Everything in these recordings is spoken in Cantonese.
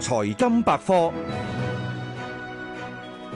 財金百科：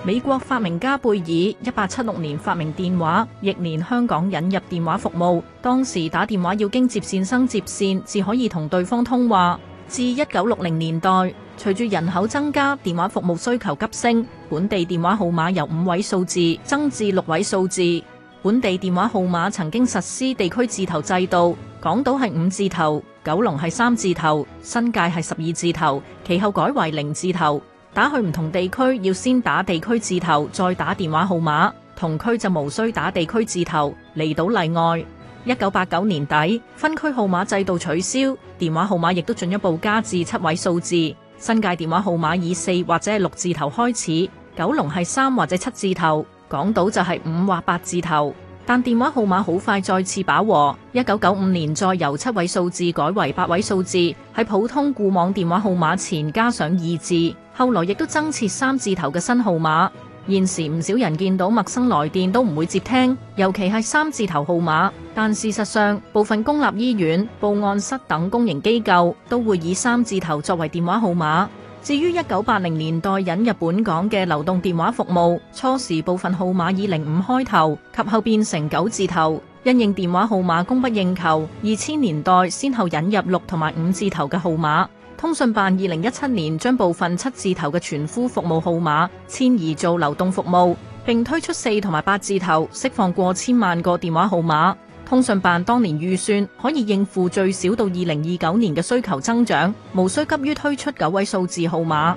美國發明家貝爾一八七六年發明電話，翌年香港引入電話服務。當時打電話要經接線生接線，至可以同對方通話。至一九六零年代，隨住人口增加，電話服務需求急升，本地電話號碼由五位數字增至六位數字。本地電話號碼曾經實施地區字頭制度，港島係五字頭，九龍係三字頭，新界係十二字頭，其後改為零字頭。打去唔同地區要先打地區字頭，再打電話號碼。同區就無需打地區字頭。離島例外。一九八九年底，分區號碼制度取消，電話號碼亦都進一步加至七位數字。新界電話號碼以四或者係六字頭開始，九龍係三或者七字頭。港島就係五或八字頭，但電話號碼好快再次飽和。一九九五年再由七位數字改為八位數字，喺普通固網電話號碼前加上二字。後來亦都增設三字頭嘅新號碼。現時唔少人見到陌生來電都唔會接聽，尤其係三字頭號碼。但事實上，部分公立醫院、報案室等公營機構都會以三字頭作為電話號碼。至於一九八零年代引入本港嘅流動電話服務，初時部分號碼以零五開頭，及後變成九字頭。因應電話號碼供不應求，二千年代先後引入六同埋五字頭嘅號碼。通訊辦二零一七年將部分七字頭嘅傳呼服務號碼遷移做流動服務，並推出四同埋八字頭，釋放過千萬個電話號碼。通訊辦當年預算可以應付最少到二零二九年嘅需求增長，無需急於推出九位數字號碼。